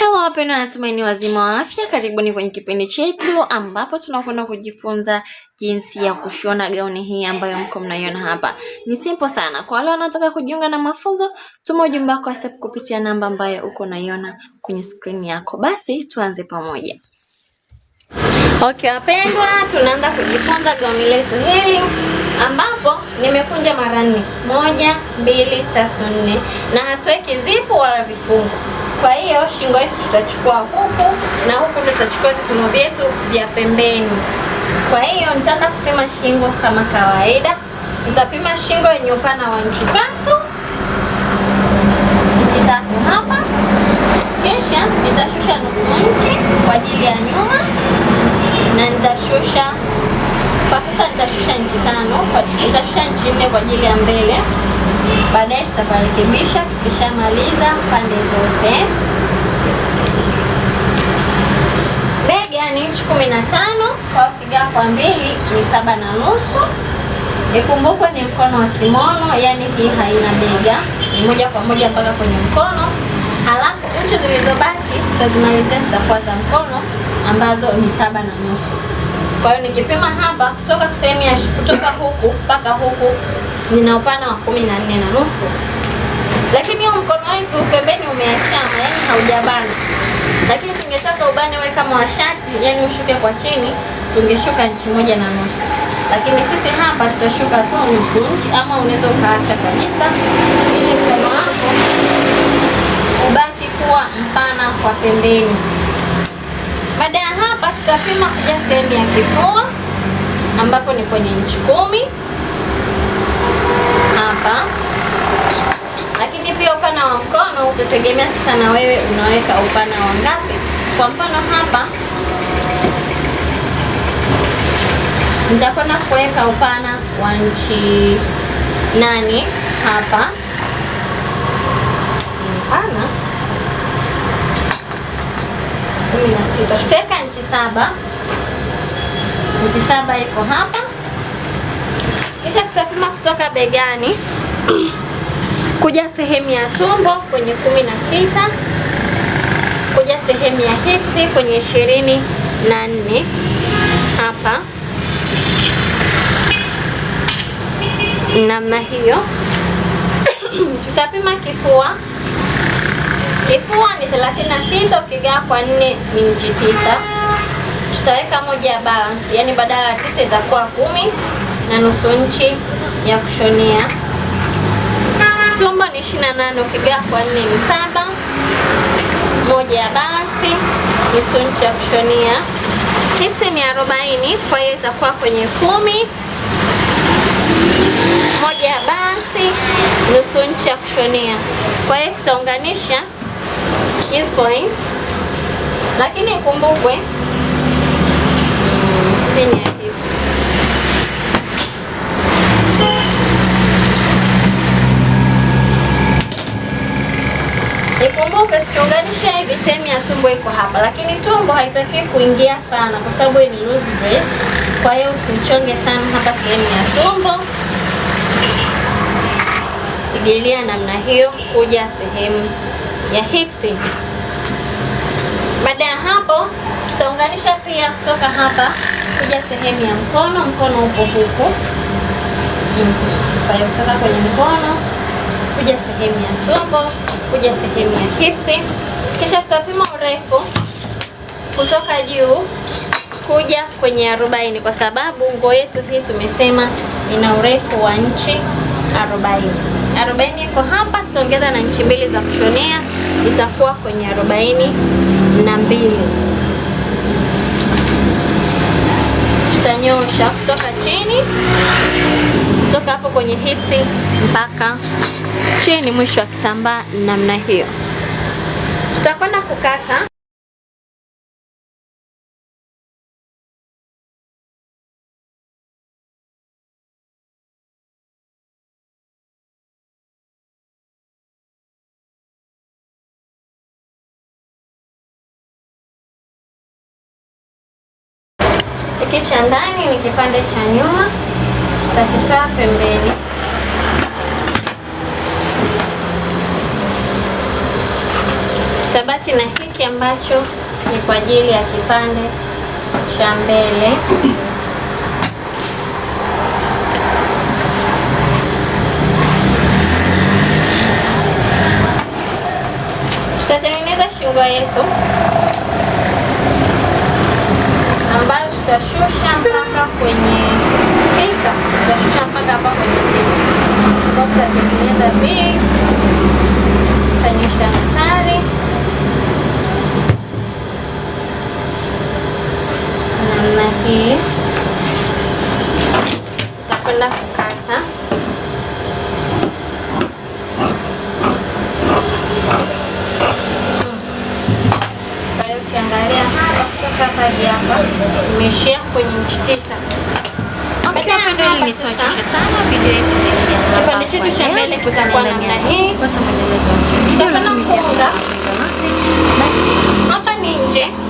Hello wapendwa, natumaini wazima wa afya. Karibuni kwenye kipindi chetu ambapo tunakwenda kujifunza jinsi ya kushona gauni hii ambayo mko mnaiona hapa. Ni simple sana. Kwa wale wanaotaka kujiunga na mafunzo, tuma ujumbe wako WhatsApp kupitia namba ambayo uko naiona kwenye skrini yako. Basi tuanze pamoja. Okay wapendwa, tunaanza kujifunza gauni letu hili ambapo nimekunja mara nne: moja, mbili, tatu, nne, na hatuweki zipu wala vifungo kwa hiyo shingo hizi tutachukua huku na huku ndo tutachukua vipimo vyetu vya pembeni. Kwa hiyo nitaanza kupima shingo kama kawaida. Nitapima shingo yenye upana wa inchi tatu, inchi tatu hapa, kisha nitashusha nusu inchi kwa ajili ya nyuma na nitashusha kwa sasa, nitashusha inchi tano, nitashusha inchi nne kwa ajili ya mbele baadaye tutaparekebisha. Tukishamaliza pande zote bega ni inchi kumi na tano kwa figa kwa mbili ni saba na nusu. Ikumbukwe ni mkono wa kimono, yani hii haina bega, ni moja kwa moja mpaka kwenye mkono. Halafu nchi zilizobaki tutazimalizia zitakuwa za mkono ambazo ni saba na nusu. Kwa hiyo nikipima hapa kutoka sehemu ya kutoka huku mpaka huku nina upana wa kumi na nne na nusu lakini huo mkono wetu pembeni umeachama, yani haujabana. Lakini tungetaka ubane wewe kama shati, yani ushuke kwa chini, tungeshuka nchi moja na nusu, lakini sisi hapa tutashuka tu nusu nchi, ama unaweza ukaacha kabisa, ili mkono wako ubaki kuwa mpana kwa pembeni. Baada ya hapa, tutapima kuja sehemu ya kifua ambapo ni kwenye nchi kumi. Tutegemea sasa na wewe unaweka upana wa ngapi. Kwa mfano hapa nitakwenda kuweka upana wa nchi nane hapa pana kumi na sita tutaweka nchi saba nchi saba iko hapa, kisha tutapima kutoka begani kuja sehemu ya tumbo kwenye kumi na sita kuja sehemu ya hips kwenye ishirini na nne hapa namna hiyo. Tutapima kifua. Kifua ni 36 ukigawa kwa 4 ni inchi 9. Tutaweka moja ya balance, yani badala ya 9 itakuwa kumi na nusu inchi ya kushonea Tumbo ni 28, ukigawa kwa 4 ni saba. Moja ya balansi ni stonchi ya kushonia. Hips ni 40, kwa hiyo itakuwa kwenye kumi. Moja ya balansi nusu nchi ya kushonia, kwa hiyo tutaunganisha hizi points, lakini ikumbukwe mm, Nikumbuke tukiunganisha hivi sehemu ya tumbo iko hapa, lakini tumbo haitaki kuingia sana kwa sababu ni loose dress. Kwa hiyo usichonge sana hapa sehemu ya tumbo, igilia namna hiyo kuja sehemu ya hips. Baada ya hapo tutaunganisha pia kutoka hapa kuja sehemu ya mkono. Mkono upo huku, mhm. kwa hiyo kutoka kwenye mkono kuja sehemu ya tumbo kuja sehemu ya chipsi, kisha tutapima urefu kutoka juu kuja kwenye 40 kwa sababu nguo yetu hii tumesema ina urefu wa nchi 40. 40 iko hapa, tutaongeza na nchi mbili za kushonea, itakuwa kwenye na mbili tutanyosha kutoka chini, kutoka hapo kwenye hips mpaka chini mwisho wa kitambaa namna hiyo. Tutakwenda kukata hiki cha ndani ni kipande cha nyuma, tutakitoa pembeni. Tutabaki na hiki ambacho ni kwa ajili ya kipande cha mbele. Tutatengeneza shingo yetu. tutashusha mpaka kwenye tisa, tutashusha mpaka hapa kwenye tisa, tutatengeneza v, tutanyosha mstari Nimeshare kwenye nchi tisa. Okay, hapa ndio nimesiwachosha sana video yetu tishia. Kipande chetu cha mbele tukutane ndani ya hii. Kwa maelezo mengine. Tutapenda kuongea. Basi hapa ni nje.